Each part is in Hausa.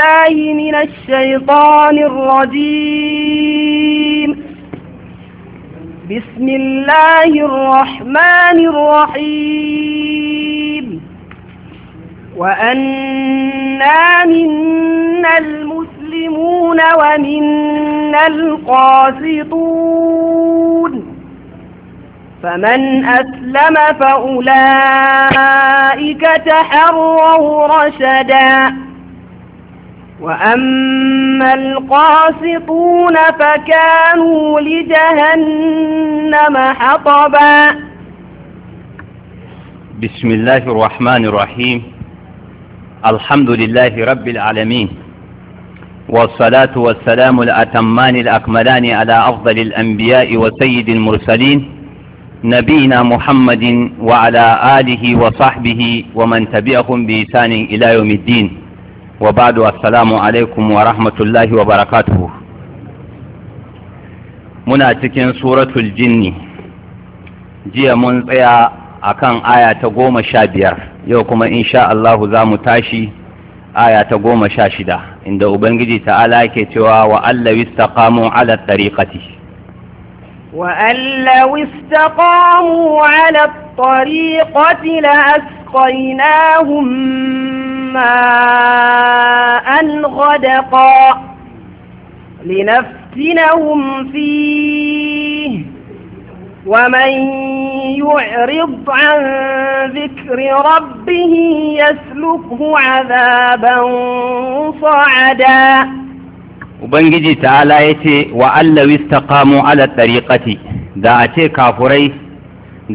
بالله من الشيطان الرجيم بسم الله الرحمن الرحيم وأنا منا المسلمون ومنا القاسطون فمن أسلم فأولئك تحروا رشداً وأما القاسطون فكانوا لجهنم حطبا بسم الله الرحمن الرحيم الحمد لله رب العالمين والصلاة والسلام الأتمان الأكملان على أفضل الأنبياء وسيد المرسلين نبينا محمد وعلى آله وصحبه ومن تبعهم بإسان إلى يوم الدين wa ba'du assalamu alaikum wa rahmatullahi wa barakatuhu muna cikin suratul jinni jiya mun tsaya akan aya ta goma sha biyar yau kuma insha Allahu za mu tashi aya ta goma sha shida inda ubangiji ta'ala ke cewa wa allawi istaqamu ala tariqati وأن لو استقاموا على الطريقة لأسقيناهم ماء غدقا لنفتنهم فيه ومن يعرض عن ذكر ربه يسلكه عذابا صعدا Ubangiji ta'ala ya ce wa allawi istaqamu ala tariqati da a ce kafurai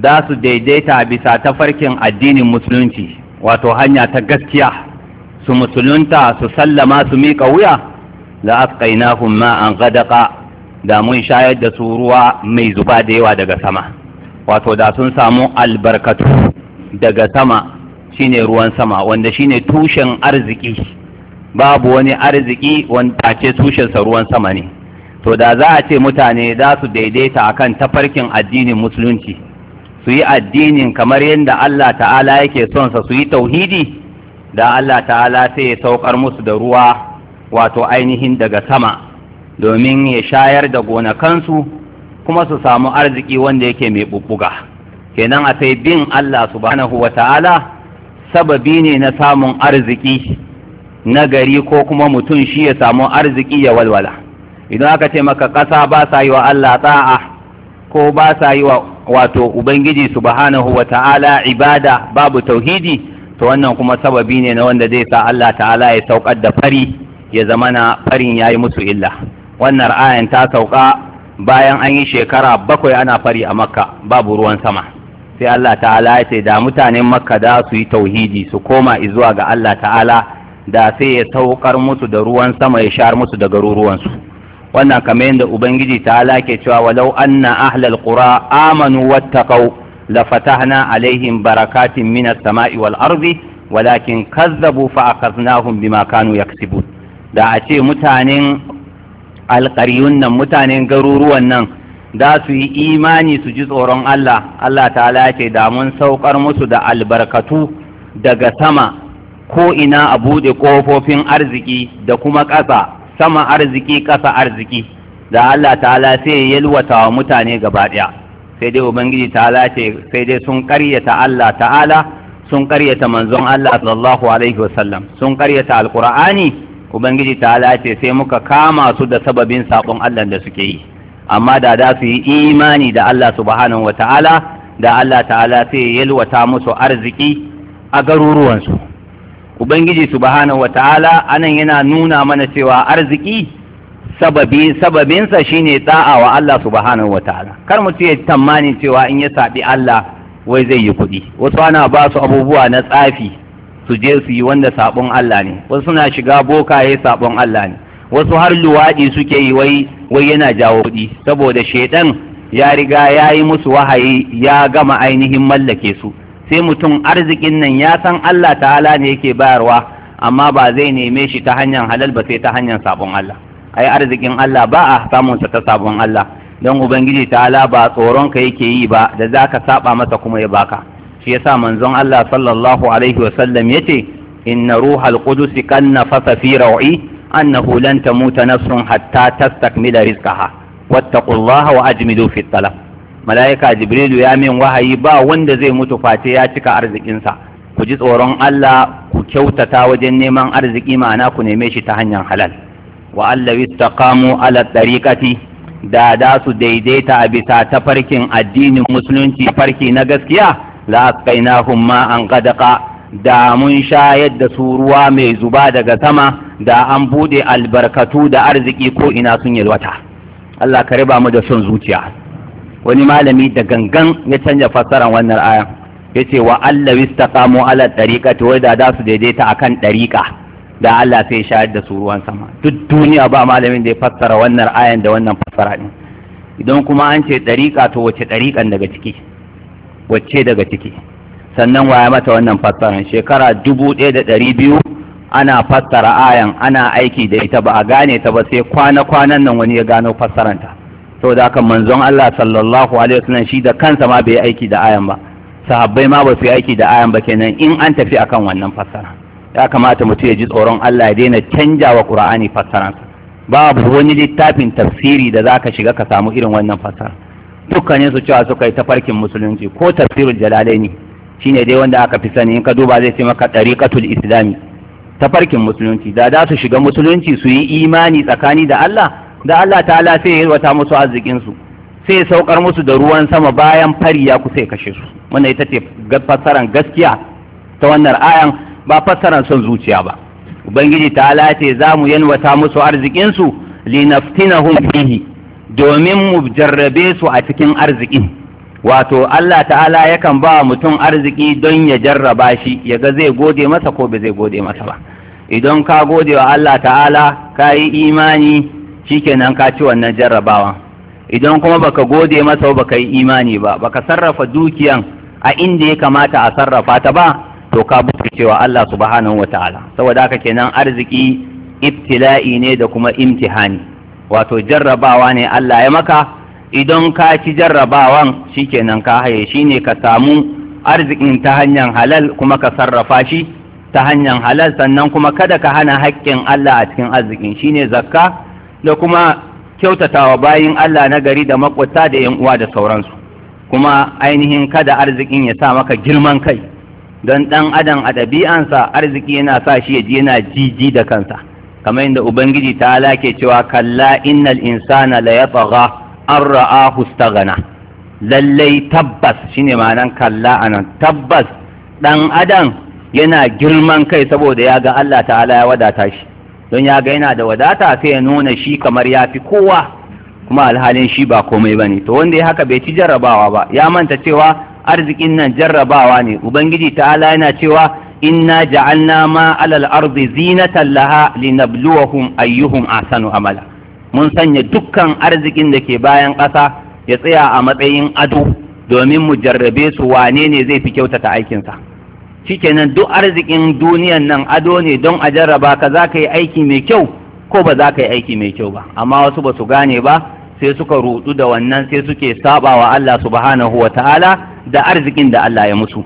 da su daidaita bisa tafarkin addinin musulunci wato hanya ta gaskiya su musulunta su sallama su miƙa wuya la ma an ghadaqa da mun shayar da su ruwa mai zuba da yawa daga sama wato da sun samu albarkatu daga sama shine ruwan sama wanda shine tushen arziki babu wani arziki wanda ce tushensa ruwan sama ne to da za a ce mutane za su daidaita akan tafarkin addinin musulunci su yi addinin kamar yadda Allah ta'ala yake son sa su yi tauhidi da Allah ta'ala sai ya saukar musu da ruwa wato ainihin daga sama domin ya shayar da gonakansu kuma su samu arziki wanda yake mai bubbuga kenan a sai bin Allah subhanahu wa ta'ala sababi ne na samun arziki na gari ko kuma mutum shi ya samu arziki ya walwala idan aka ce maka ƙasa ba sa yi wa Allah ta'a ko ba sa yi wa wato ubangiji subhanahu wa ta'ala ibada babu tauhidi to wannan kuma sababi ne na wanda zai sa Allah ta'ala ya saukar da fari ya zama na farin ya yi musu illa wannan ayan ta sauka bayan an yi shekara bakwai ana fari a makka babu ruwan sama sai Allah ta'ala ya ce da mutanen makka da su yi tauhidi su koma izuwa ga Allah ta'ala da sai ya saukar musu da ruwan sama ya shar musu da garuruwansu wannan kamar yadda ubangiji ta'ala ke cewa walau anna ahlal qura amanu wattaqau lafatahna alaihim barakatin minas sama'i wal ardi walakin kazzabu fa akaznahum bima kanu yaksibun da a ce mutanen alƙaryun nan mutanen garuruwan nan za su yi imani su ji tsoron Allah Allah ta'ala ce da mun saukar musu da albarkatu daga sama ko ina a buɗe ƙofofin arziki da kuma ƙasa sama arziki ƙasa arziki da Allah ta'ala sai yalwata wa mutane gaba ɗaya sai dai ubangiji ta'ala ce sai dai sun karyata Allah ta'ala sun karyata manzon Allah sallallahu alaihi wasallam sun karyata alqur'ani ubangiji ta'ala ce sai muka kama su da sababin sabon Allah da suke yi amma da da su yi imani da Allah subhanahu ta'ala da Allah ta'ala sai yalwata musu arziki a garuruwansu ubangiji subhanahu ta'ala anan yana nuna mana cewa arziki sababi sababinsa shine da'a wa Allah subhanahu ta'ala kar mu ya tamani cewa in ya sabi Allah wai zai yi kuɗi wasu ana ba su abubuwa na tsafi su je su yi wanda sabon Allah ne wasu suna shiga bokaye sabon Allah ne wasu har luwaɗi suke yi wai wai yana jawo kuɗi saboda shaidan ya riga ya yi musu wahayi ya gama ainihin mallake su sai mutum arzikin nan ya san Allah ta'ala ne yake bayarwa amma ba zai neme shi ta hanyar halal ba sai ta hanyar sabon Allah ai arzikin Allah ba a samun ta sabon Allah don ubangiji ta'ala ba tsoron ka yake yi ba da zaka saba masa kuma ya baka shi yasa manzon Allah sallallahu alaihi wa sallam yace inna ruhal qudus kan nafasa fi rawi annahu lan tamuta nafsun hatta tastakmila rizqaha wattaqullaha wa ajmidu fi talab malaika jibrilu ya min wahayi ba wanda zai mutu face ya cika arzikinsa ku ji tsoron Allah ku kyautata wajen neman arziki ma'ana ku neme shi ta hanyar halal wa allawi istaqamu ala tariqati da da su daidaita a bisa tafarkin addinin musulunci farki na gaskiya la asqainahum ma an qadaqa da mun shayar da su ruwa mai zuba daga sama da an bude albarkatu da arziki ko ina sun yalwata Allah ka riba mu da son zuciya wani malami da gangan ya canja fassarar wannan aya yace wa allawi istaqamu ala tariqati wai da da su daidaita akan tariqa da Allah sai shayar da su ruwan sama duk duniya ba malamin da ya fassara wannan ayan da wannan fassara din idan kuma an ce ɗariƙa to wace ɗariƙan daga ciki wacce daga ciki sannan waya mata wannan fassaran shekara dubu ɗaya da ɗari biyu ana fassara ayan ana aiki da ita ba a gane ta ba sai kwana-kwanan nan wani ya gano fassaranta saboda haka manzon Allah sallallahu alaihi wasallam shi da kansa ma bai aiki da ayan ba sahabbai ma ba su aiki da ayan ba kenan in an tafi akan wannan fassara ya kamata mutum ya ji tsoron Allah ya daina canja wa Qur'ani fassaransa babu wani littafin tafsiri da zaka shiga ka samu irin wannan fassara dukkanin su cewa suka yi tafarkin musulunci ko tafsirul jalalaini shine dai wanda aka fi sani in ka duba zai ce maka tariqatul islami tafarkin musulunci da da su shiga musulunci su yi imani tsakani da Allah da Allah ta'ala sai ya musu arzikin su sai saukar musu da ruwan sama bayan fari ya kusa ya kashe su wannan ita ce fassaran gaskiya ta wannan ayan ba fassara son zuciya ba ubangiji ta'ala ce za mu yanwata musu arzikinsu linaftinahum fihi domin mu jarrabe su a cikin arziki wato Allah ta'ala yakan ba mutum arziki don ya jarraba shi ya ga zai gode masa ko ba zai gode masa ba idan ka gode wa Allah ta'ala ka yi imani shikenan ka ci wannan jarrabawa idan kuma baka gode masa baka yi imani ba baka sarrafa dukiyan a inda ya kamata a sarrafa ta ba to ka mutu cewa Allah subhanahu wa ta'ala saboda haka kenan arziki ibtila'i ne da kuma imtihani wato jarrabawa ne Allah ya maka idan ka ci jarrabawan shikenan ka haye shine ka samu arzikin ta hanyar halal kuma ka sarrafa shi ta hanyar halal sannan kuma kada ka hana haƙƙin Allah a cikin arzikin shine zakka da kuma kyautatawa bayin Allah na gari da makwata da yan uwa da sauransu kuma ainihin kada arzikin ya sa maka girman kai don ɗan adam a ɗabi'ansa arziki yana sa shi ya ji yana jiji da kansa kamar yadda ubangiji ta ke cewa kalla innal insana la yatagha an ra'ahu lallai tabbas shine ma'anan kalla a nan. tabbas ɗan adam yana girman kai saboda ya ga Allah ta'ala ya wadata shi don ya ga yana da wadata sai ya nuna shi kamar ya fi kowa kuma alhalin shi ba komai ba ne. to wanda ya haka bai ci jarrabawa ba ya manta cewa arzikin nan jarrabawa ne ubangiji ta'ala yana cewa inna ja'alna ma alal ardi zinatan laha linabluwahum ayyuhum ahsanu amala mun sanya dukkan arzikin da ke bayan ƙasa ya tsaya a matsayin ado domin mu jarrabe su wane ne zai fi kyautata aikin sa shikenan duk arzikin duniyan nan ado ne don a jarraba ka za ka yi aiki mai kyau ko ba za ka yi aiki mai kyau ba amma wasu ba su gane ba sai suka rudu da wannan sai suke sabawa Allah subhanahu wa ta'ala da arzikin da Allah ya mutu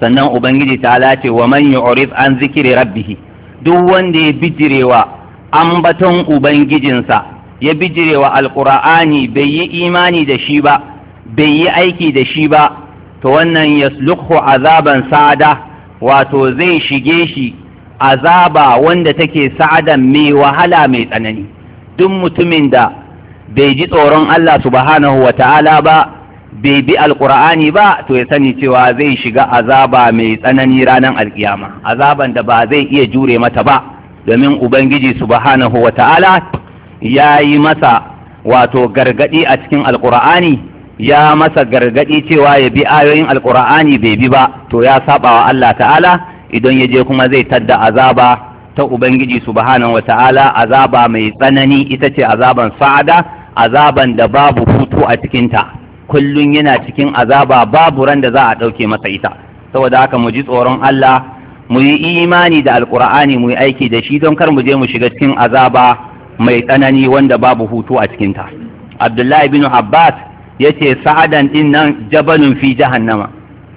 sannan ubangiji ta lace wa man yu'rid an zikiri rabbih duk wanda ya bijirewa ambaton ubangijinsa ya bijirewa alqur'ani bai yi imani da shi ba bai yi aiki da shi ba to wannan yaslukhu azaban sa'ada wato zai shige shi azaba wanda take sa'ada mai wahala mai tsanani duk mutumin da bai ji tsoron Allah subhanahu wa ta'ala ba bai bi alkur'ani ba to ya sani cewa zai shiga azaba mai tsanani ranar alkiyama azaban da ba zai iya jure mata ba domin ubangiji subhanahu wa ta'ala ya yi masa wato gargadi a cikin alkur'ani ya masa gargadi cewa ya bi ayoyin alkur'ani bai bi ba to ya saba wa Allah ta'ala idan ya je kuma zai tadda azaba ta ubangiji subhanahu wa ta'ala, azaba mai tsanani ita ce azaban sa'ada azaban da babu hutu a cikinta Kullum yana cikin azaba babu ran da za a ɗauke masa ita saboda haka mu ji tsoron Allah mu yi imani da alkur'ani mu yi aiki da shi don kar mu je mu shiga cikin azaba mai tsanani wanda babu hutu a cikinta abdullahi bin abbas ya ce sa'adan din nan jabalun fi jahannama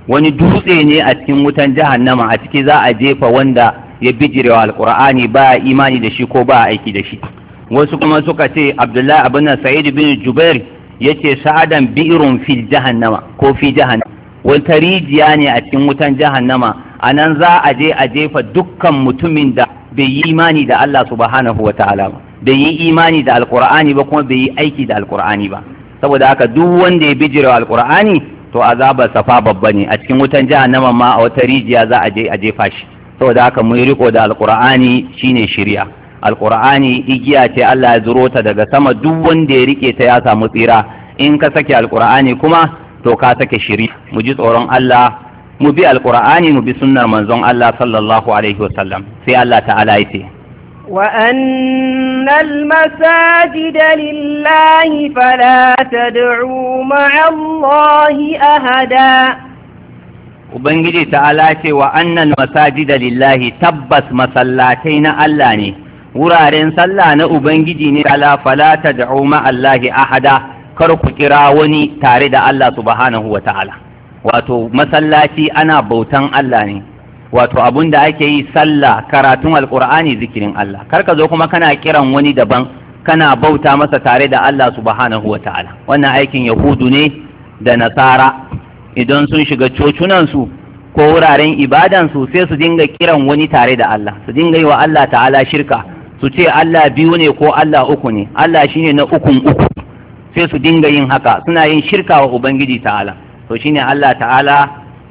wani dutse ne a cikin wutan jahannama a ciki za a jefa wanda ya bijirewa alkur'ani ba imani da shi ko ba aiki da shi wasu kuma suka ce abdullahi abin sa'id bin jubair yace sa'adan bi'run fil jahannama ko fi jahannama wata rijiya ne a cikin wutan jahannama a nan za a je a jefa dukkan mutumin da bai yi imani da Allah subhanahu wa ta'ala ba bai yi imani da alqur'ani ba kuma bai yi aiki da alqur'ani ba saboda haka duk wanda ya bijira alqur'ani to azabar safa babba ne a cikin wutan jahannama ma a wata rijiya za a je a jefa shi saboda haka mu riko da alqur'ani shine shiri'a alqur'ani igiya ce Allah ya zuro ta daga sama duk wanda ya rike ta ya samu tsira in ka sake alqur'ani kuma to ka sake shiri mu ji tsoron Allah mu bi alqur'ani mu bi sunnar manzon Allah sallallahu alaihi wasallam sai Allah ta'ala yace وأن المساجد لله فلا تدعوا مع الله أهدا Ubangiji ta'ala ce wa annan masajida lillahi tabbas masallatai na Allah ne, wuraren sallah na ubangiji ne ala fala tad'u ma allahi ahada kar ku kira wani tare da Allah subhanahu wa ta'ala wato masallaci ana bautan Allah ne wato abun da ake yi sallah karatun Alkur'ani zikirin Allah kar ka zo kuma kana kiran wani daban kana bauta masa tare da Allah subhanahu wa ta'ala wannan aikin yahudu ne da nasara idan sun shiga cocunansu ko wuraren ibadansu sai su dinga kiran wani tare da Allah su dinga yi wa Allah ta'ala shirka su ce Allah biyu ne ko Allah uku ne Allah shine na ukun uku sai su dinga yin haka suna yin shirka wa ubangiji ta'ala to shine Allah ta'ala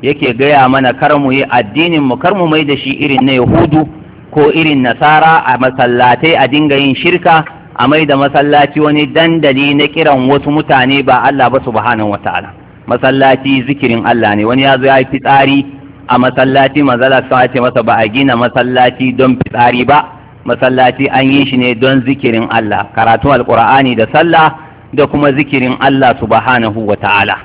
yake gaya mana kar mu yi addinin mu kar mu mai da shi irin na yahudu ko irin nasara a masallatai a dinga yin shirka a mai da masallaci wani dandali na kiran wasu mutane ba Allah ba subhanahu wataala masallaci zikirin Allah ne wani ya zo ya yi fitsari a masallaci manzala sa ce masa ba a gina masallaci don fitsari ba masallaci an yi shi ne don zikirin Allah karatu alkur'ani da sallah da kuma zikirin Allah subhanahu wa ta'ala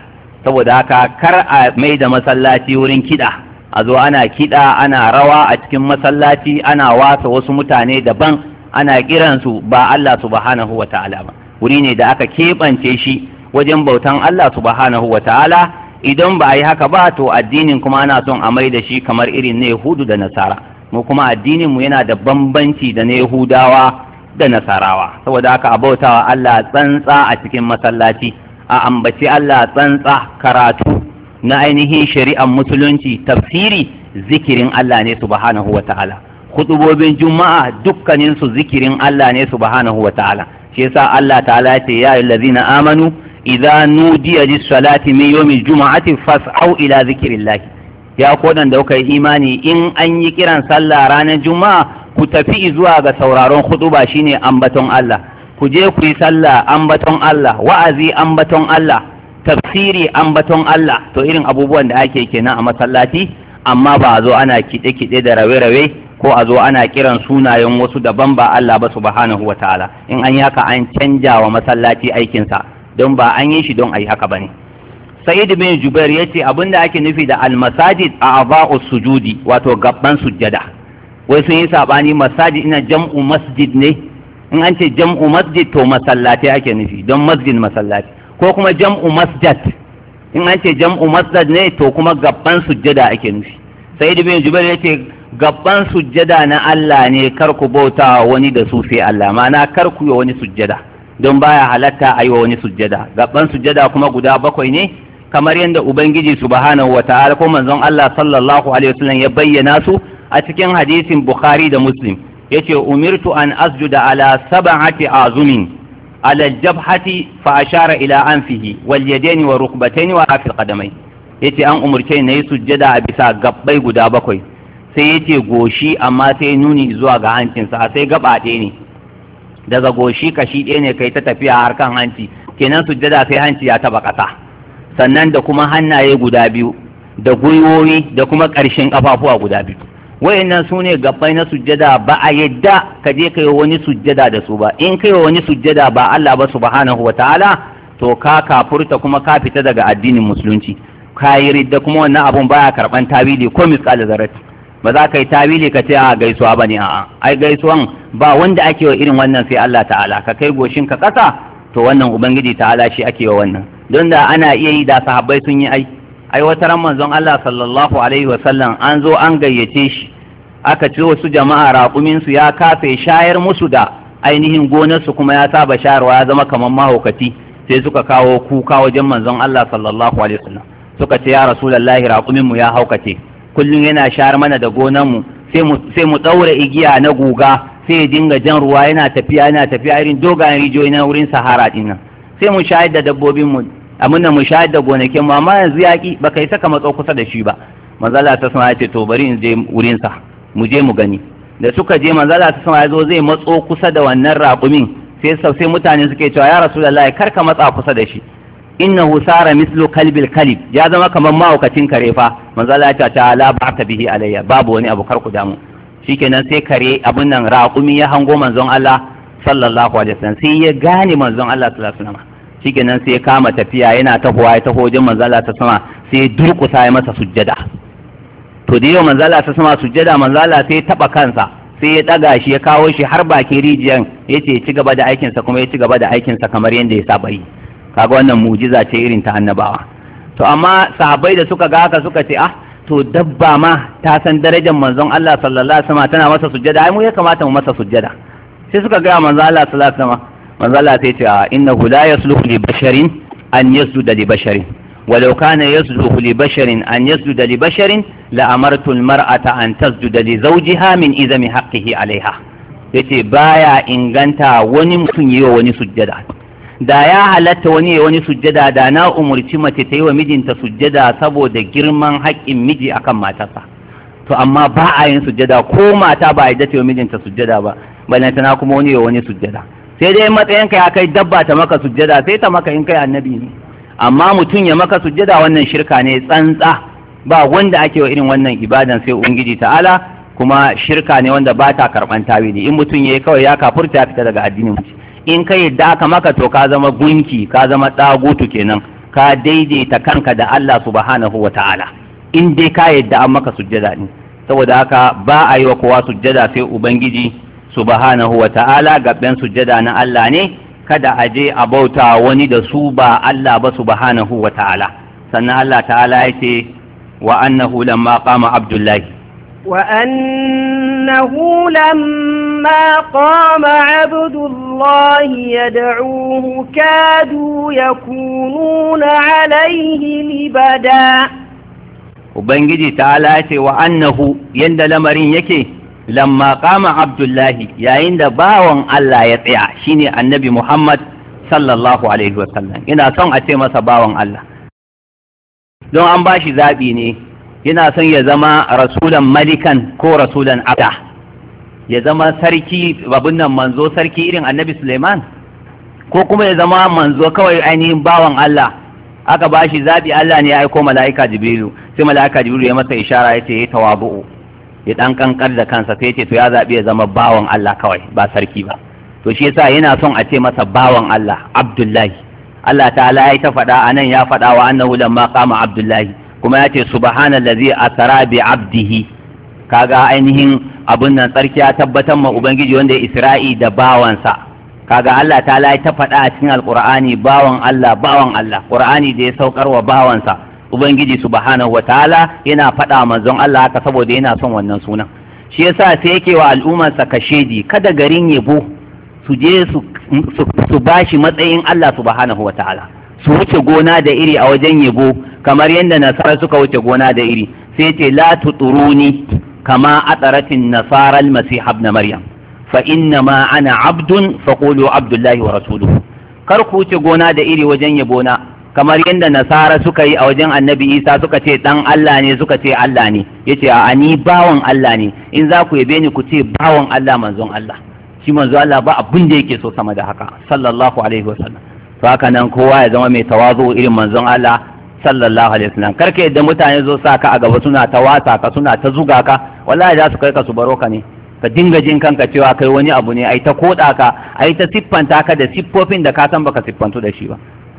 saboda haka kar a mai da masallaci wurin kiɗa a zo ana kiɗa ana rawa a cikin masallaci ana wasa wasu mutane daban ana kiransu ba Allah subhanahu wa ta'ala ba wuri ne da aka keɓance shi wajen bautan Allah subhanahu wa ta'ala idan ba a yi haka ba to addinin kuma ana son a mai da shi kamar irin na Yahudu da Nasara mu kuma addinin mu yana da bambanci da na yahudawa da nasarawa saboda haka abautawa Allah tsantsa a cikin masallaci a ambaci Allah tsantsa karatu na ainihin shari'ar musulunci tafsiri zikirin Allah ne subhanahu wa ta'ala hudubobin juma'a dukkanin su zikirin Allah ne subhanahu wa ta'ala shi yasa Allah ta'ala ce ya ayyuhallazina amanu idza nudiya lis-salati min yawmil juma'ati fas'au ila zikrillah ya kodan da kuka yi imani in an yi kiran sallah ranar juma'a ku tafi zuwa ga sauraron ba shine ambaton Allah ku je ku yi sallah ambaton Allah wa'azi ambaton Allah tafsiri ambaton Allah to irin abubuwan da ake kenan a masallaci amma ba a zo ana kiɗe-kiɗe da rawe-rawe ko a zo ana kiran sunayen wasu daban ba Allah ba subhanahu wa ta'ala in an yi haka an canja wa masallaci aikinsa don ba an yi shi don a yi haka ba ne. sa'id bin jubair yace abinda ake nufi da almasajid a aba'u sujudi wato gaban sujjada wai sun yi sabani masajid ina jam'u masjid ne in an ce jam'u masjid to masallati ake nufi don masjid masallati ko kuma jam'u masjad in an ce jam'u masjad ne to kuma gaban sujjada ake nufi sa'id bin jubair yace gaban sujjada na Allah ne kar ku bauta wani da su sai Allah ma'ana kar ku yi wani sujjada don baya halatta a yi wa wani sujjada gaban sujjada kuma guda bakwai ne kamar yadda ubangiji subhanahu wa ta'ala ko manzon Allah sallallahu alaihi wasallam ya bayyana su a cikin hadisin bukhari da muslim yace umirtu an asjuda ala sab'ati azumin ala jabhati fa ashara ila anfihi wal yadaini wa rukbataini wa afil qadamai yace an umurce ne yi sujjada a bisa gabbai guda bakwai sai yace goshi amma sai nuni zuwa ga hancinsa sai gaba ɗaya ne daga goshi kashi ɗaya ne kai ta tafiya harkan hanci kenan sujjada sai hanci ya taba ƙasa sannan da kuma hannaye guda biyu da gwiwowi da kuma ƙarshen ƙafafuwa guda biyu wayannan su ne gabbai na sujjada ba a yadda ka je ka yi wani sujjada da su ba in ka yi wani sujjada ba Allah ba subhanahu ta'ala? to ka kafurta kuma ka fita daga addinin musulunci ka yi ridda kuma wannan abun baya karban tawili ko misqal zarat ba za ka yi tawili ka ce a gaisuwa bane a'a ai gaisuwan ba wanda ake wa irin wannan sai Allah ta'ala ka kai goshin ka kasa to wannan ubangiji ta'ala shi ake wa wannan don da ana iya yi da sahabbai sun yi ai ai wata ran manzon Allah sallallahu alaihi sallam) an zo an gayyace shi aka ce wasu jama'a raƙumin su ya kafe shayar musu da ainihin gonar su kuma ya saba shayarwa ya zama kamar mahaukaci sai suka kawo kuka wajen manzon Allah sallallahu alaihi sallam) suka ce ya rasulullahi raƙumin mu ya haukace kullun yana shayar mana da gonar mu sai mu sai mu daura igiya na guga sai ya dinga jan ruwa yana tafiya yana tafiya irin dogayen rijiyoyi na wurin sahara dinnan sai mu shayar da dabbobin mu mun da mu shayar da gonakin mu amma yanzu yaki baka yi saka matso kusa da shi ba manzala ta sama ya ce to bari in je wurin sa mu je mu gani da suka je manzala ta sama ya zo zai matso kusa da wannan raƙumin sai sai mutane suke cewa ya rasulullah kar ka matsa kusa da shi innahu sara mislu kalbil kalib ya zama kamar ma'aukacin karefa manzala ta ta la ba bihi alayya babu wani abu kar ku damu shikenan sai kare abin nan raƙumi ya hango manzon Allah sallallahu alaihi wasallam sai ya gane manzon Allah sallallahu alaihi wasallam shikenan sai ya kama tafiya yana tahowa ya taho wajen manzon Allah ta sama sai ya durƙusa ya masa sujjada to da yau manzon Allah ta sama sujjada manzon Allah sai ya taba kansa sai ya ɗaga shi ya kawo shi har baki rijiyan ya ci gaba da aikinsa kuma ya ci gaba da aikinsa kamar yadda ya saba yi kaga wannan mujiza ce irin ta annabawa to amma sahabbai da suka ga haka suka ce ah to dabba ma ta san darajar manzon Allah sallallahu alaihi wasallam tana masa sujjada ai mu ya kamata mu masa sujjada sai suka ga manzon Allah sallallahu alaihi wasallam manzon Allah sai ce innahu la yasluhu li basharin an yasjuda li basharin ولو كان يسجد لبشر أن يسجد لبشر لأمرت المرأة أن تسجد لزوجها من إذم حقه عليها yace baya inganta wani mutum yi wa wani sujjada da ya halatta wani ya wani sujjada da na umurci mace ta yi wa mijinta sujjada saboda girman haƙƙin miji akan matarsa to amma ba a yin sujjada ko mata ba a yi wa mijinta sujjada ba na kuma wani ya wani sujjada sai dai matsayinka ya kai dabba ta maka sujjada sai ta maka in kai annabi ne amma mutum ya maka sujjada wannan shirka ne tsantsa ba wanda ake wa irin wannan ibadan sai ubangiji ta'ala kuma shirka ne wanda ba ta karɓan tawili in mutum ya yi kawai ya kafurta ya fita daga addinin mutum in ka yadda aka maka to ka zama gunki ka zama ɗagutu kenan ka daidaita kanka da Allah subhanahu wa ta'ala in dai ka yadda an maka sujjada ne saboda haka ba a yi wa kowa sujjada sai ubangiji subhanahu wa ta'ala gaben sujjada na Allah ne kada a je a bauta wani da su ba Allah ba subhanahu wa ta'ala sannan Allah ta'ala ya ce wa annahu lamma qama abdullahi wa annahu lamma فلما قام عبد الله يدعوه كادوا يكونون عليه لبدا Ubangiji ta lace wa annahu yadda lamarin yake lamma kama Abdullahi yayin da bawan Allah ya tsaya shine annabi Muhammad sallallahu Alaihi ina son a ce masa bawan Allah don an ba shi zaɓi ne yana son ya zama rasulan malikan ko rasulan abda ya zama sarki babin nan manzo sarki irin annabi suleiman ko kuma ya zama manzo kawai ainihin bawan allah aka ba shi zaɓi allah ne ya aiko mala'ika jibrilu sai mala'ika jibrilu ya masa ishara ya ce ya tawabu'u ya ɗan kankar da kansa sai ce to ya zaɓi ya zama bawan allah kawai ba sarki ba to shi yasa yana son a ce masa bawan allah abdullahi allah ta'ala ya ta faɗa anan ya faɗa wa annahu lamma qama abdullahi kuma ya ce subhanallazi asra bi abdihi kaga ainihin abun nan tsarki ya tabbatar ma ubangiji wanda ya isra'i da bawansa kaga Allah ta lai ta faɗa a cikin alqur'ani bawan Allah bawan Allah qur'ani da ya saukar wa bawansa ubangiji subhanahu ta'ala yana faɗa manzon Allah haka saboda yana son wannan sunan shi yasa sai yake wa al'ummarsa kashedi kada garin yabo su je su bashi matsayin Allah subhanahu ta'ala su wuce gona da iri a wajen yabo kamar yadda nasara suka wuce gona da iri sai ce la tuturuni kama ataratin nasara almasih na maryam fa inna ma ana abdun fa abdullahi wa rasuluhu kar ku wuce gona da iri wajen yabona kamar yadda nasara suka yi a wajen annabi isa suka ce dan allah ne suka ce allah ne yace a'a ni bawan allah ne in za ku yabe ni ku ce bawan allah manzon allah shi manzo allah ba abin da yake so sama da haka sallallahu alaihi wasallam to haka nan kowa ya zama mai tawazu irin manzon allah sallallahu alaihi wasallam karka yadda mutane zo sa ka a gaba suna ta wasa ka suna ta zuga ka wallahi za su kai ka su baro ka ne ka dinga jin kanka cewa kai wani abu ne ai ta koda ka ai ta siffanta ka da siffofin da ka san baka siffantu da shi ba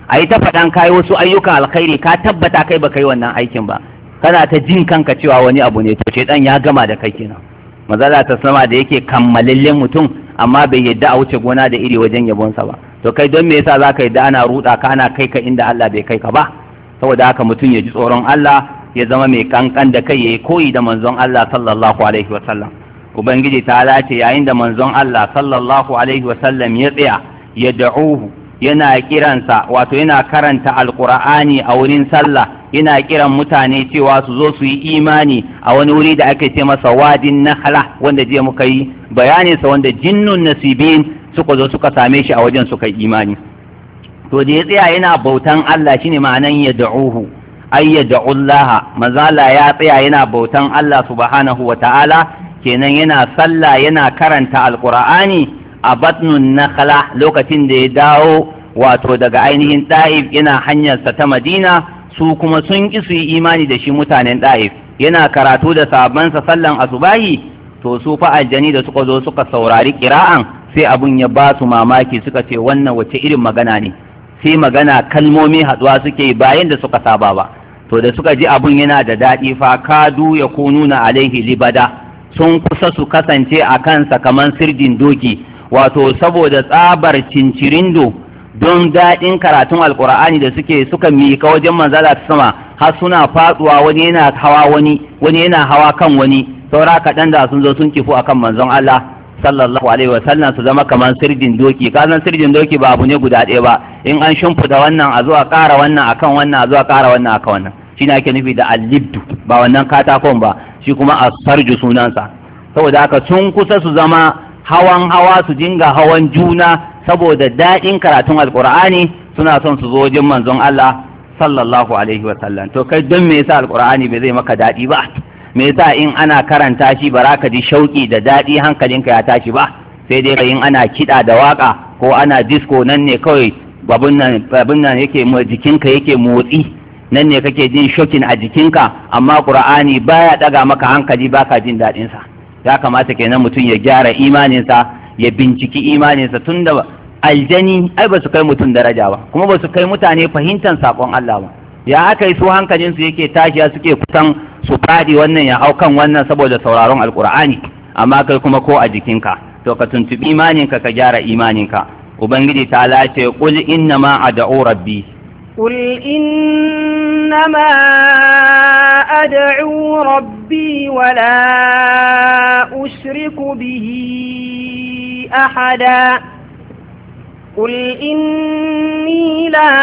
ai ta faɗan kai wasu ayyukan alkhairi ka tabbata kai baka yi wannan aikin ba kana ta jin kanka cewa wani abu ne to shedan ya gama da kai kenan mazala ta sama da yake kammalallen mutum amma bai yadda a wuce gona da iri wajen yabonsa ba to kai don me yasa zaka yadda ana ruda ka ana kai ka inda Allah bai kai ka ba saboda haka mutum ya ji tsoron Allah ya zama mai kankan da kai yayi koyi da manzon Allah sallallahu alaihi wasallam ubangiji ta lace yayin da manzon Allah sallallahu alaihi wasallam ya tsaya ya da'uhu yana kiransa wato yana karanta alkur'ani a wurin sallah yana kiran mutane cewa su zo su yi imani a wani wuri da ake ce masa wadin nahla wanda jiya muka yi bayaninsa wanda jinnun nasibin suka zo suka same shi a wajen suka yi imani to da ya tsaya yana bautan Allah shine ma'anan ya da'uhu ay ya da'ullaha mazala ya tsaya yana bautan Allah subhanahu wa ta'ala kenan yana sallah yana karanta alqur'ani a batnun nakhla lokacin da ya dawo wato daga ainihin da'if yana hanyarsa ta madina su kuma sun ki su yi imani da shi mutanen da'if yana karatu da sabansa sallan asubahi to su fa aljani da suka zo suka saurari kira'an sai abun ya ba su mamaki suka ce wannan wace irin magana ne sai magana kalmomi haɗuwa suke bayan da suka saba ba to da suka ji abun yana da daɗi fa kadu ya nuna alaihi libada sun kusa su kasance a kansa kamar sirjin doki wato saboda tsabar cincirindo don daɗin karatun alkur'ani da suke suka mika wajen manzala ta sama har suna faɗuwa wani yana hawa wani wani yana hawa kan wani saura kaɗan da sun zo sun kifu akan manzon Allah sallallahu alaihi wasallam su zama kamar sirjin doki kasan sirjin doki ba abu ne guda ɗaya ba in an shimfida wannan a zuwa ƙara wannan akan wannan a zuwa ƙara wannan akan wannan shine ake nufi da alibdu ba wannan katakon ba shi kuma a sarju sunansa saboda haka sun kusa su zama hawan hawa su dinga hawan juna saboda daɗin karatun alƙur'ani suna son su zo wajen manzon Allah sallallahu alaihi wasallam to kai don me yasa alƙur'ani bai zai maka daɗi ba me yasa in ana karanta shi ba za ka ji shauki da daɗi hankalinka ya tashi ba sai dai in ana kiɗa da waƙa ko ana disko nan ne kawai babin nan yake jikinka yake motsi nan ne kake jin shokin a jikinka amma qur'ani baya ɗaga maka hankali ba ka jin daɗinsa ya kamata kenan mutum ya gyara imaninsa ya binciki imaninsa tun da aljani ai ba su kai mutum daraja ba kuma ba su kai mutane fahimtar saƙon Allah ba ya aka yi su su yake tashiya suke kusan su fadi wannan ya hau kan wannan saboda sauraron alkur'ani amma kai kuma ko a jikinka to ka tuntubi imaninka ka gyara imaninka ubangiji ta lace qul innama ad'u rabbi قل ad'u rabbi wa la ushriku bihi ahada قل إني لا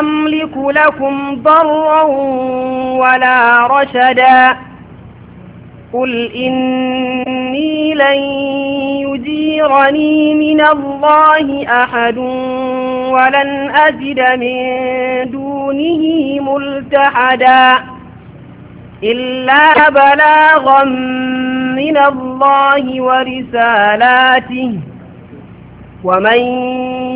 أملك لكم ضرا ولا رشدا قل إني لن يجيرني من الله أحد ولن أجد من دونه ملتحدا إلا بلاغا من الله ورسالاته ومن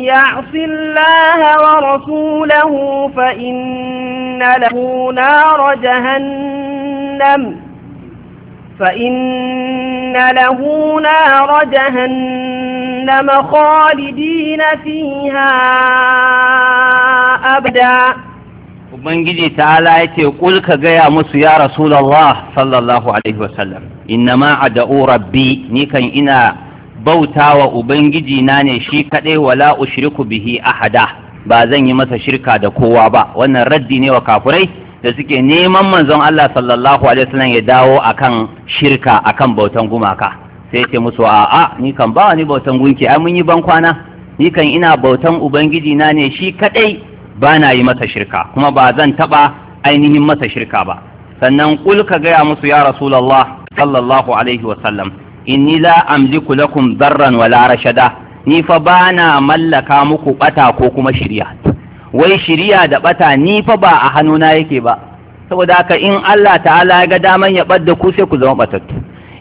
يعص الله ورسوله فإن له نار جهنم فإن له نار جهنم خالدين فيها أبدا Ubangiji ta'ala ya ce, Ƙul ka gaya musu ya Rasulallah sallallahu Alaihi wasallam, inna ma a da'u rabbi, ni kan ina bautawa ubangiji na ne shi kadai wala ushriku bihi ahada ba zan yi masa shirka da kowa ba wannan raddi ne wa kafurai da suke neman manzon Allah sallallahu alaihi wasallam ya dawo akan shirka akan bautan gumaka sai ce musu a'a ni kan ba ni bautan gunki ai mun yi ban kwana ni kan ina bautan ubangiji na ne shi kadai ba na yi masa shirka kuma ba zan taba ainihin masa shirka ba sannan kul ka gaya musu ya rasulullah sallallahu alaihi wasallam inni la amliku lakum darran wala rashada ni fa bana mallaka muku bata ko kuma shirya wai shirya da bata ni fa ba a hannuna yake ba saboda haka in Allah ta'ala ya ga daman ya bar ku sai ku zama batattu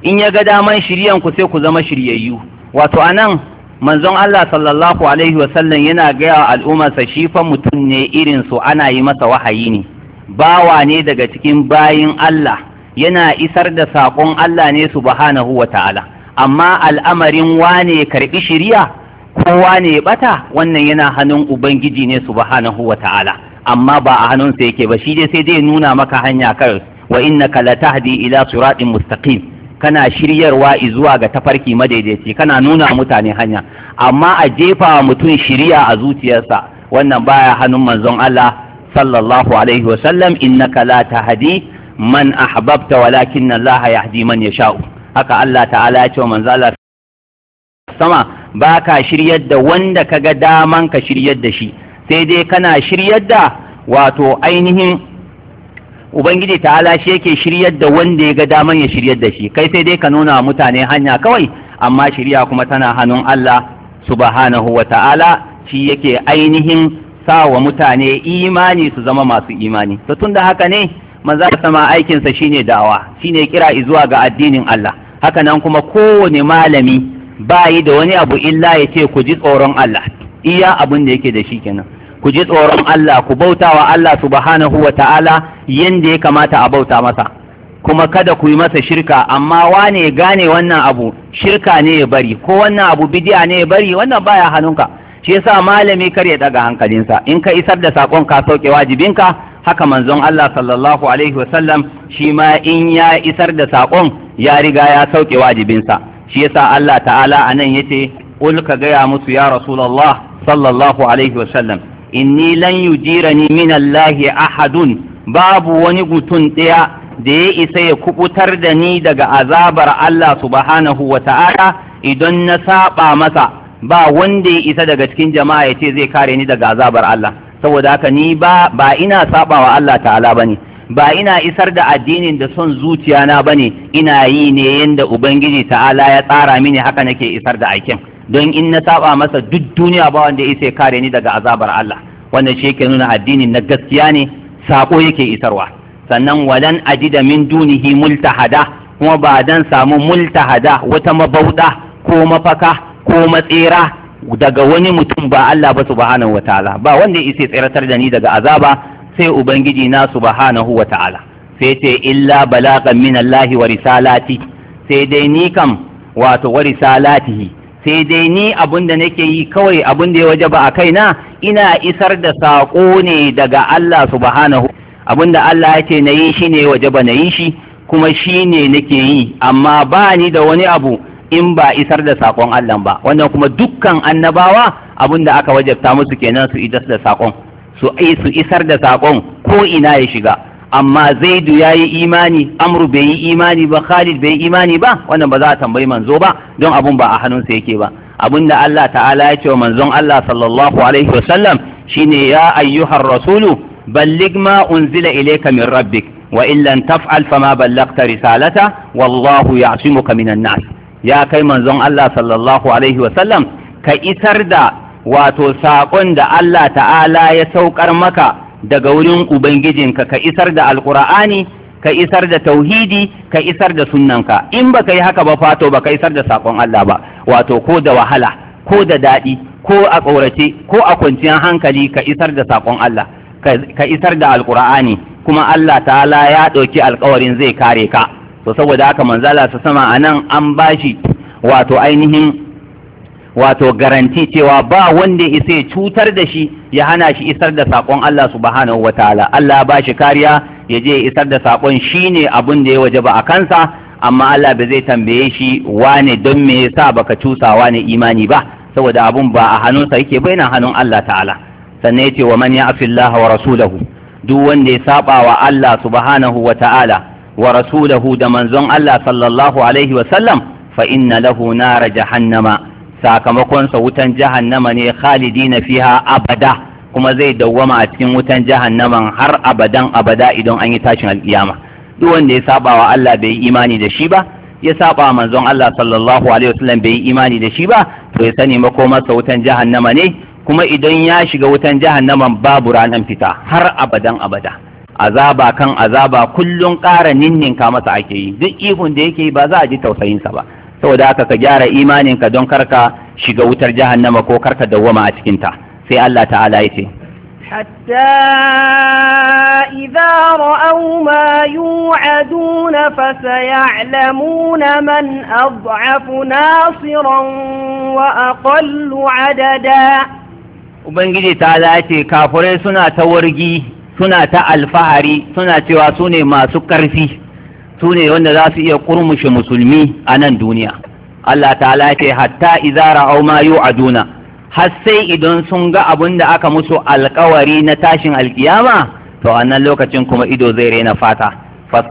in ya ga daman shiryan ku sai ku zama shiryayyu wato anan manzon Allah sallallahu alaihi wasallam yana gaya wa al'ummarsa shi fa mutum ne irin su ana yi masa wahayi ne bawa ne daga cikin bayin Allah yana isar da saƙon Allah ne subhanahu wa ta'ala amma al'amarin wane karɓi shiriya ko wane bata wannan yana hannun ubangiji ne subhanahu wa ta'ala amma ba a hannunsa yake ba shi dai sai dai nuna maka hanya kar wa la-tahdi ila suraɗin mustaqim kana shiryarwa zuwa ga tafarki madaidaici kana nuna mutane hanya amma a jefa mutum shiriya a zuciyarsa wannan baya hannun manzon Allah sallallahu alaihi wasallam innaka la tahdi man ahbabta walakin Allah hadi man ya sha'u haka Allah ta'ala ya ce manzo Allah sama baka shiryar da wanda kaga daman ka shiryar da shi sai dai kana shiryar da wato ainihin ubangiji ta'ala shi yake shiryar da wanda ya ga daman ya shiryar da shi kai sai dai ka nuna mutane hanya kawai amma shirya kuma tana hannun Allah subhanahu wa ta'ala shi yake ainihin sa wa mutane imani su zama masu imani to tun da haka ne da sama aikinsa shine dawa shine kira zuwa ga addinin Allah haka nan kuma kowane malami bayi da wani abu illa ya ce ku ji tsoron Allah iya abin da yake da shi kenan ku ji tsoron Allah ku bautawa Allah subhanahu wa ta'ala yanda ya kamata a bauta masa kuma kada ku yi masa shirka amma wane ya gane wannan abu shirka ne ya bari ko wannan abu bidiya ne ya bari wannan baya hannunka shi yasa malami kar ya daga hankalinsa in ka isar da sakon ka sauke wajibinka haka manzon Allah sallallahu alaihi wasallam shi ma in ya isar da saƙon ya riga ya sauke wajibinsa shi yasa Allah ta'ala anan yace qul ka gaya musu ya rasulullah sallallahu alaihi wasallam inni lan yujirani min Allahi ahadun babu wani gutun ɗaya da ya isa ya kubutar da ni daga azabar Allah subhanahu wa ta'ala idan na saba masa ba wanda ya isa daga cikin jama'a ya ce zai kare ni daga azabar Allah saboda haka ni ba ina sabawa Allah ta'ala bane ba ina isar da addinin da son zuciya na bane ina yi ne yanda ubangiji ta'ala ya tsara mini haka nake isar da aikin don in na saba masa duk duniya ba wanda ya kare ni daga azabar Allah wanda shi yake nuna addinin na gaskiya ne sako yake isarwa sannan walan ajida min dunihi multahada kuma ba dan samu multahada wata mabauda ko mafaka ko matsera daga wani mutum ba Allah ba subhanahu ta'ala ba wanda yake tsiratar da ni daga azaba sai ubangiji na subhanahu ta'ala sai ce illa balaqa min Allah wa risalati sai dai ni kam wato wa risalatihi sai dai ni abun da nake yi kawai abun da ya ba a kaina ina isar da sako ne daga Allah subhanahu abun Allah ya ce na yi shi ne ba na yi shi kuma shi ne nake yi amma ba ni da wani abu in ba isar da sakon Allah ba wannan kuma dukkan annabawa abin da aka wajabta musu kenan su idar da sakon su eh, su isar da sakon ko ina ya shiga amma zaidu ya yi imani amru bai yi imani ba khalid bai yi imani ba wannan ba za a tambayi manzo ba don abun ba a hannunsa yake ba abin da Allah ta'ala ya ce wa manzon Allah sallallahu alaihi wasallam shine ya ayyuhar rasulu ballig ma unzila ilayka min rabbik wa illan taf'al fama ballagta risalata wallahu ya'simuka minan nas ya kai manzon Allah sallallahu alaihi wasallam ka isar da wato saƙon da Allah ta'ala ya saukar maka daga wurin ubangijinka ka isar da alƙur'ani ka isar da tauhidi ka isar da sunanka. in baka yi haka ba fato baka isar da saƙon Allah ba wato ko da wahala ko da daɗi ko a ƙorace, ko a kwanciyar hankali ka isar da saƙon Allah ka isar da alƙur'ani kuma Allah ta'ala ya ɗauki alƙawarin zai kare ka to saboda haka manzala sa sama anan an bashi wato ainihin wato garanti cewa ba wanda ya isa ya cutar da shi ya hana shi isar da saƙon Allah subhanahu wa ta'ala Allah ba shi kariya ya je ya isar da saƙon shi ne abin da ya waje ba a kansa amma Allah ba zai tambaye shi wane don me yasa baka cusa wane imani ba saboda abun ba a hannunsa yake bai na hannun Allah ta'ala sannan ya ce wa man ya'fi Allah wa rasulahu duk wanda ya saba wa Allah subhanahu wa ta'ala wa rasulahu da manzon Allah sallallahu alaihi wa sallam fa inna lahu nara jahannama sakamakon sa wutan jahannama ne khalidina fiha abada kuma zai dawwama a cikin wutan jahannaman har abadan abada idan an yi tashin alkiyama duk wanda ya saba wa Allah bai yi imani da shi ba ya saba manzon Allah sallallahu alaihi wasallam bai yi imani da shi ba to ya sani makomarsa wutan jahannama ne kuma idan ya shiga wutan jahannaman babu ranar fita har abadan abada azaba kan azaba kullum ƙara ninninka masa ake yi duk ihun da yake yi ba za a ji tausayinsa ba saboda haka ka gyara imaninka don karka shiga wutar jahannama ko karka dawwama a cikinta sai Allah ta'ala ya ce حتى إذا رأوا ما يوعدون فسيعلمون من أضعف ناصرا وأقل عددا Ubangiji ta yace kafurai suna ta suna ta alfahari suna cewa su ne masu ƙarfi su ne wanda za su iya ƙurmushe musulmi a nan duniya Allah ta'ala ce hatta izara au ma aduna, har sai idan sun ga abin da aka musu alkawari na tashin alkiyama to a nan lokacin kuma ido zai rena fata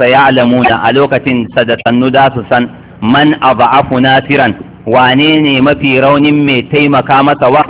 ya alamuna a lokacin sadatannu da su san man aba'afu nasiran wane ne mafi raunin mai taimaka masa wa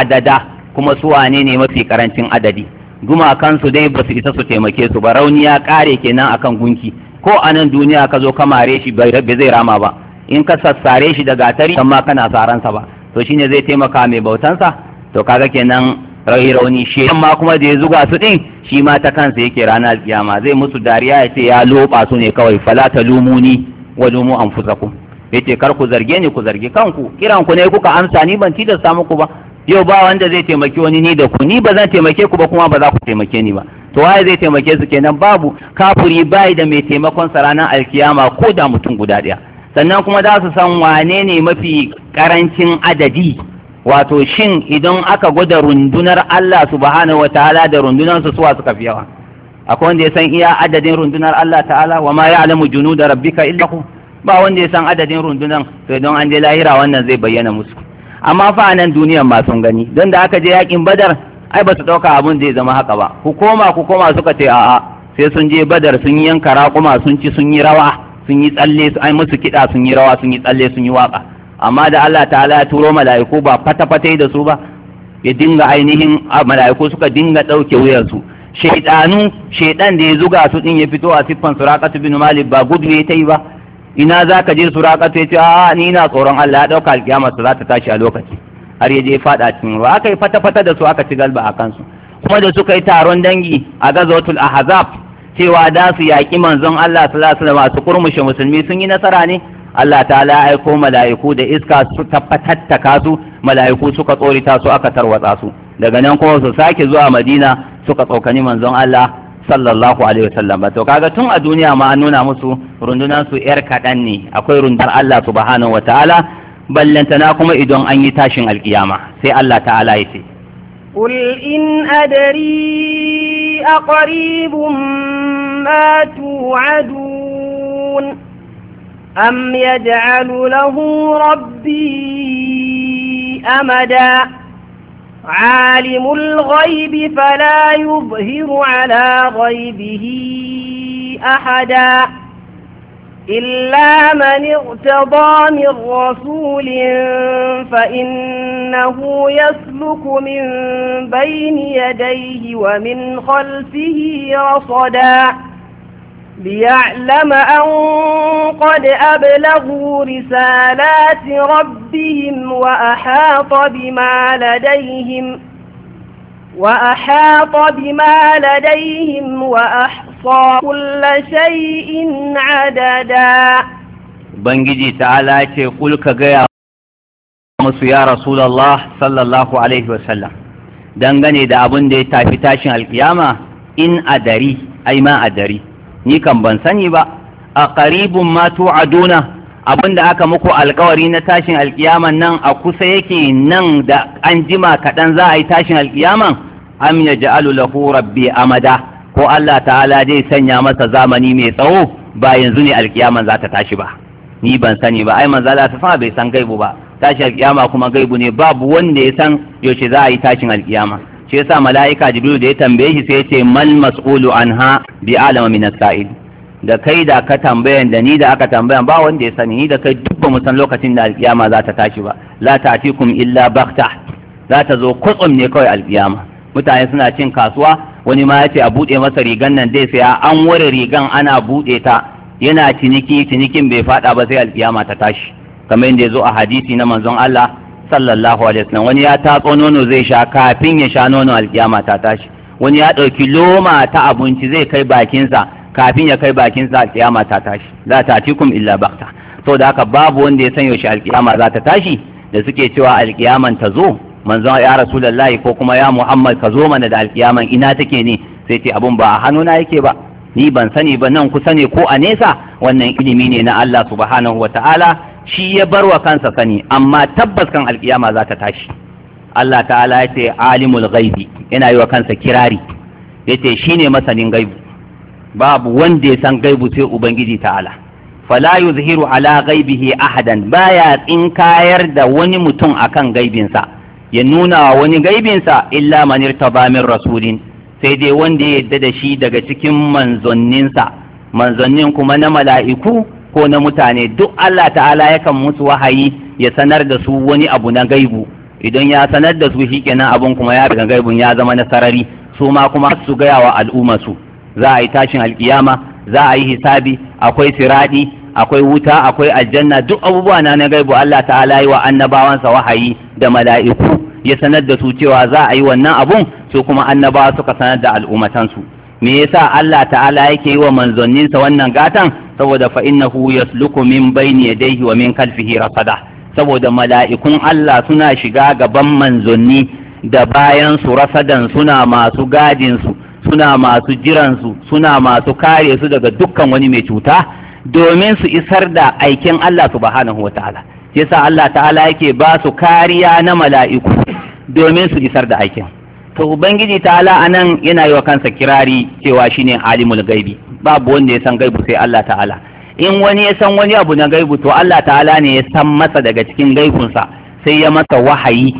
adada kuma su wane ne mafi karancin adadi gumakansu dai ba su isa su taimake su ba rauni ya kare kenan akan gunki ko a nan duniya ka zo ka mare shi bai zai rama ba in ka sassare shi da gatari amma kana saransa ba to shine zai taimaka mai bautansa to kaga kenan rai rauni shi amma kuma da ya zuga su din shi ma ta kansa yake rana kiyama zai musu dariya ya ce ya loba su ne kawai fala ta ni, wa lumu anfusakum yace kar ku zarge ni ku zarge. kanku kiran ku ne kuka amsa ni ban tilasta muku ba yau ba wanda zai taimaki wani ni da ku ni ba zan taimake ku ba kuma ba za ku taimake ni ba to waye zai taimake su kenan babu kafuri bai da mai taimakon sa ranar alkiyama ko da mutum guda daya sannan kuma za su san wane ne mafi karancin adadi wato shin idan aka gwada rundunar Allah subhanahu wa ta'ala da rundunar su suwa suka fi yawa akwai wanda ya san iya adadin rundunar Allah ta'ala wa ma ya'lamu junuda rabbika illa hu ba wanda ya san adadin rundunar to idan an je lahira wannan zai bayyana musu amma fa nan duniyan ma sun gani don da aka je yakin badar ai ba su ɗauka abin zai zama haka ba ku koma ku koma suka ce a'a sai sun je badar sun yi yanka raƙuma sun ci sun yi rawa sun yi tsalle ai musu kiɗa sun yi rawa sun yi tsalle sun yi waƙa amma da Allah ta'ala ya turo mala'iku ba fata-fata da su ba ya dinga ainihin mala'iku suka dinga ɗauke wuyarsu shaidanu shaidan da ya zuga su din ya fito a siffan surakatu bin malik ba gudu ya ta yi ba ina za ka je suraka sai ce a ni ina tsoron Allah ya ɗauka alƙiyama su za ta tashi a lokaci har ya faɗa cikin ruwa aka yi fata-fata da su aka ci galba a kansu kuma da suka yi taron dangi a a ahzab cewa da su yaƙi manzon Allah sallallahu alaihi wasallam su kurmushe musulmi sun yi nasara ne Allah ta'ala ya aiko mala'iku da iska su tabbatattaka su mala'iku suka tsorita su aka tarwatsa su daga nan kuma su sake zuwa Madina suka tsokani manzon Allah sallallahu alaihi wasallam to kaga tun a duniya ma an nuna musu rundunar su yar kaɗan ne akwai rundunar Allah subhanahu wataala ballantana kuma idan an yi tashin alkiyama sai Allah ta'ala ya ce قل إن أدري أقريب ما توعدون أم يجعل له ربي أمدا عالم الغيب فلا يظهر على غيبه أحدا إلا من اغتضى من رسول فإنه يسلك من بين يديه ومن خلفه رصداً ليعلم أن قد أبلغوا رسالات ربهم وأحاط بما لديهم وأحاط بما لديهم وأحصى كل شيء عددا بنجي تعالى قل كجيا musu ya Rasulallah sallallahu Alaihi wasallam dangane da abin da ya tafi tashin alkiyama in adari ai ma ni kan ban sani ba a qaribun ma tu'aduna da aka muku alkawari na tashin alkiyaman nan a kusa yake nan da an jima kaɗan za a yi tashin alkiyaman am yaj'alu lahu rabbi amada ko Allah ta'ala zai sanya masa zamani mai tsawo ba yanzu ne alkiyaman za ta tashi ba ni ban sani ba ai manzo Allah ta bai san gaibu ba tashin alkiyama kuma gaibu ne babu wanda ya san yaushe za a yi tashin alkiyama shi yasa mala'ika jibril da ya tambaye shi sai ya ce mal mas'ulu anha bi alama min da kai da ka tambayan da ni da aka tambayan ba wanda ya sani ni da kai duk ba mu san lokacin da alkiyama za ta tashi ba la ta'tikum illa baghta za ta zo kwatsam ne kawai alkiyama mutane suna cin kasuwa wani ma ya ce a buɗe masa rigan nan dai sai an ware rigan ana buɗe ta yana ciniki cinikin bai faɗa ba sai alkiyama ta tashi kamar yadda ya zo a hadisi na manzon Allah sallallahu alaihi wasallam wani ya tatso nono zai sha kafin ya sha nono alkiyama ta tashi wani ya ɗauki loma ta abinci zai kai bakinsa kafin ya kai bakinsa alkiyama ta tashi la ta'tikum illa bakta to da haka babu wanda ya san yaushe alkiyama za ta tashi da suke cewa alkiyaman ta zo manzon ya rasulullahi ko kuma ya muhammad ka zo mana da alkiyaman ina take ne sai ce abun ba a hannuna yake ba ni ban sani ba nan kusa ne ko a nesa wannan ilimi ne na Allah subhanahu wa ta'ala shi ya bar wa kansa sani amma tabbas kan alkiyama za ta tashi Allah ta'ala ya ce alimul ghaibi yana yi wa kansa kirari ya ce shi ne masanin gaibu babu wanda ya san gaibu sai ubangiji ta'ala fala yuzhiru ala ghaibihi ahadan baya tsinkayar da wani mutum akan gaibinsa ya nuna wa wani gaibinsa illa man irtaba rasulin sai dai wanda ya yadda da shi daga cikin manzonninsa manzannin kuma na mala'iku ko na mutane duk Allah ta'ala yakan musu wahayi ya sanar da su wani abu na gaibu idan ya sanar da su shikenan abun kuma ya daga gaibun ya zama na sarari su ma kuma su gaya wa al'umma su za a yi tashin alkiyama za a yi hisabi akwai siradi akwai wuta akwai aljanna duk abubuwa na na gaibu Allah ta'ala yi wa annabawansa wahayi da mala'iku ya sanar da su cewa za a yi wannan abun su kuma annabawa suka sanar da al'ummatansu me yasa Allah ta'ala yake yi wa manzanninsa wannan gatan saboda fa innahu yasluku min bayni yadayhi wa min khalfihi rasada saboda mala'ikun Allah suna shiga gaban manzanni da bayan su rasadan suna masu gadin su suna masu jiran su suna masu kare su daga dukkan wani mai cuta domin su isar da aikin Allah subhanahu wataala yasa Allah ta'ala yake ba su kariya na mala'iku domin su isar da aikin to ubangiji ta'ala anan yana yi wa kansa kirari cewa shine alimul gaibi babu wanda ya san gaibu sai Allah ta'ala in wani ya san wani abu na gaibu to Allah ta'ala ne ya san masa daga cikin gaibunsa sai ya masa wahayi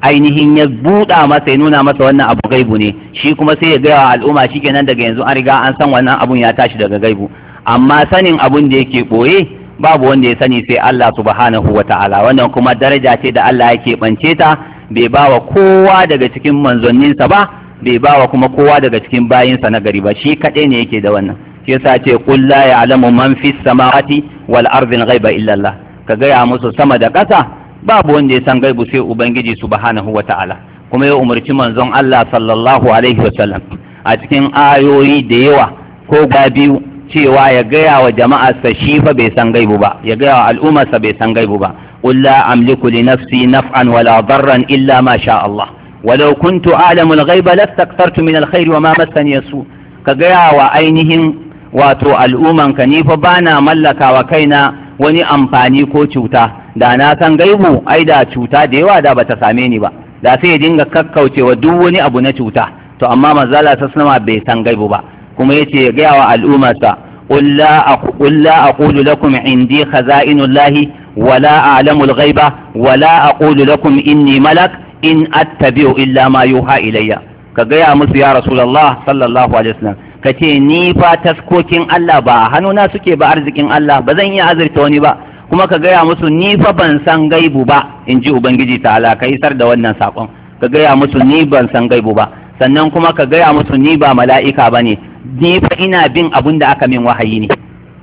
ainihin ya buɗa masa ya nuna masa wannan abu gaibu ne shi kuma sai ya gaya wa al'umma shi kenan daga yanzu an riga an san wannan abun ya tashi daga gaibu amma sanin abun da yake ɓoye babu wanda ya sani sai Allah subhanahu wa ta'ala wannan kuma daraja ce da Allah ya keɓance ta bai bawa kowa daga cikin manzanninsa ba bai bawa kuma kowa daga cikin bayinsa na gari ba shi kaɗai ne yake da wannan shi yasa ce qul la ya'lamu man fis samawati wal ardi ghaiba illa Allah ka gaya musu sama da ƙasa babu wanda ya san gaibu sai ubangiji subhanahu wata'ala kuma ya umarci manzon Allah sallallahu alaihi wasallam a cikin ayoyi da yawa ko ga biyu cewa ya gaya wa jama'arsa shi fa bai san gaibu ba ya gaya wa al'ummarsa bai san gaibu ba qul la amliku li nafsi naf'an wala darran illa ma sha Allah walau kuntu a'lamul ghaiba lastakthartu min alkhairi wa ma ka gaya wa ainihin wato al'umman ka ni fa bana mallaka wa kaina wani amfani ko cuta da na san gaibu ai da cuta da yawa da bata same ni ba da sai ya dinga kakkaucewa duk wani abu na cuta to amma manzala ta sanama bai san gaibu ba kuma yace ya gaya wa al'ummarsa قل لا أقول لكم عندي wala الله ولا wala الغيب ولا أقول لكم إني ملك in attabi'u illa ma yuha ilayya ka gaya musu ya rasulullah sallallahu alaihi wasallam ka ce ni fa taskokin Allah ba hannuna suke ba arzikin Allah ba zan iya azurta wani ba kuma ka gaya musu ni fa ban san gaibu ba in ji ubangiji ta'ala ka isar da wannan sakon ka gaya musu ni ban san gaibu ba sannan kuma ka gaya musu ni ba mala'ika ne. ni fa ina bin abin da aka min wahayi ne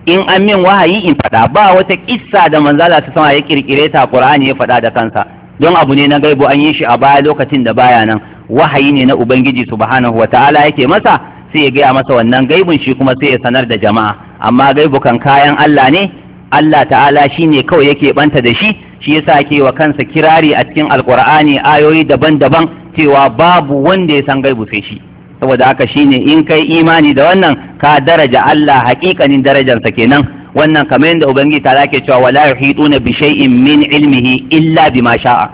in an min wahayi in faɗa ba wata kissa da manzala ta sama ya kirkire ta Qur'ani ya faɗa da kansa don abu ne na gaibu an yi shi a baya lokacin da baya nan wahayi ne na ubangiji subhanahu ta'ala yake masa sai ya gaya masa wannan gaibun shi kuma sai ya sanar da jama'a amma gaibu kan kayan Allah ne Allah ta'ala shi ne kawai yake banta da shi shi yasa yake wa kansa kirari a cikin alkur'ani ayoyi daban-daban cewa babu wanda ya san gaibu sai shi saboda haka shine in kai imani da wannan ka daraja Allah hakikanin darajarsa kenan wannan kamar yadda ubangiji ta ke cewa wala yuhiduna bi shay'in min ilmihi illa bima sha'a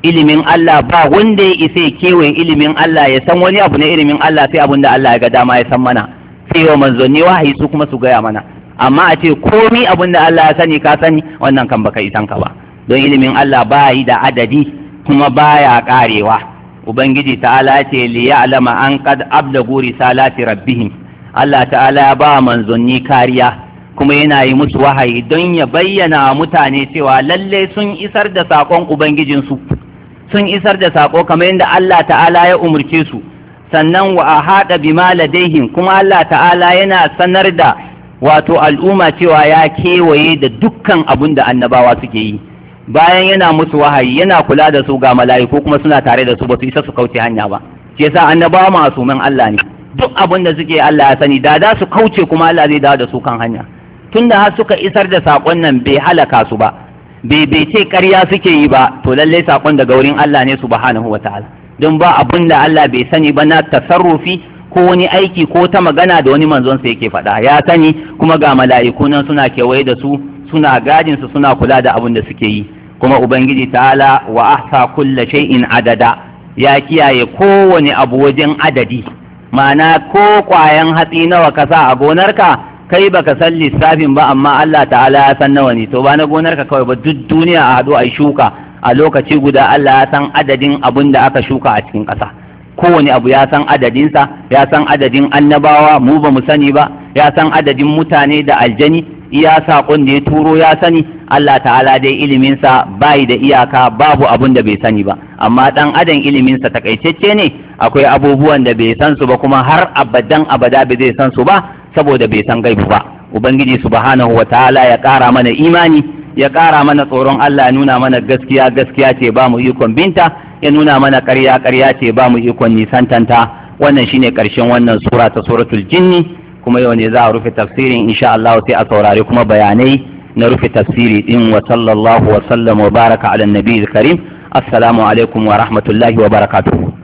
ilimin Allah ba wanda ya isa kewaye ilimin Allah ya san wani abu na ilimin Allah sai abun da Allah ya ga dama ya san mana sai wa manzanni wahayi su kuma su gaya mana amma a ce komi abin da Allah ya sani ka sani wannan kan baka isan ka ba don ilimin Allah ba yi da adadi kuma ba ya karewa ubangiji ta'ala ce li ya'lama an qad guri salati rabbihim Allah ta'ala ya ba manzanni kariya kuma yana yi musu wahayi don ya bayyana wa mutane cewa lalle sun isar da saƙon ubangijinsu sun isar da saƙo kamar yadda Allah ta'ala ya umurce su sannan wa a haɗa bima daihin, kuma Allah ta'ala yana sanar da wato al'umma cewa ya kewaye da dukkan abin da annabawa suke yi bayan yana musu wahayi yana kula da su ga mala'iku kuma suna tare da su ba su isa su kauce hanya ba shi yasa annabawa masu min Allah ne duk abin da suke Allah ya sani da da su kauce kuma Allah zai dawo da su kan hanya Tun da har suka isar da saƙon nan bai halaka su ba bai bai ce ƙarya suke yi ba to lallai saƙon daga wurin Allah ne su subhanahu ta'ala. don ba abun da Allah bai sani ba na tasarrufi ko wani aiki ko ta magana da wani manzon sa yake faɗa ya sani kuma ga mala'iku nan suna kewaye da su suna gadin su suna kula da abun da suke yi kuma ubangiji ta'ala wa ahsa kulla shay'in adada ya kiyaye kowane abu wajen adadi ma'ana ko kwayan hatsi nawa ka sa a gonarka kai baka san lissafin ba amma Allah ta'ala ya san nawa ne to ba na gonar ka kawai ba duk duniya a haɗu a shuka a lokaci guda Allah ya san adadin abin da aka shuka a cikin ƙasa kowane abu ya san adadinsa ya san adadin annabawa mu ba mu sani ba ya san adadin mutane da aljani iya saƙon da ya turo ya sani Allah ta'ala dai iliminsa bai da iyaka babu abun da bai sani ba amma ɗan adam iliminsa takaitacce ne akwai abubuwan da bai san su ba kuma har abadan abada bai zai san su ba saboda bai san gaibu ba ubangiji subhanahu wa ta'ala ya kara mana imani ya kara mana tsoron Allah ya nuna mana gaskiya gaskiya ce ba mu ikon binta ya nuna mana ƙarya ƙarya ce ba mu ikon nisantanta wannan shine ƙarshen wannan sura ta suratul jinni kuma yau ne za a rufe tafsirin insha Allah sai a saurari kuma bayanai na rufe tafsiri din wa sallallahu wa sallam wa baraka ala nabiyil karim assalamu alaikum wa rahmatullahi wa barakatuh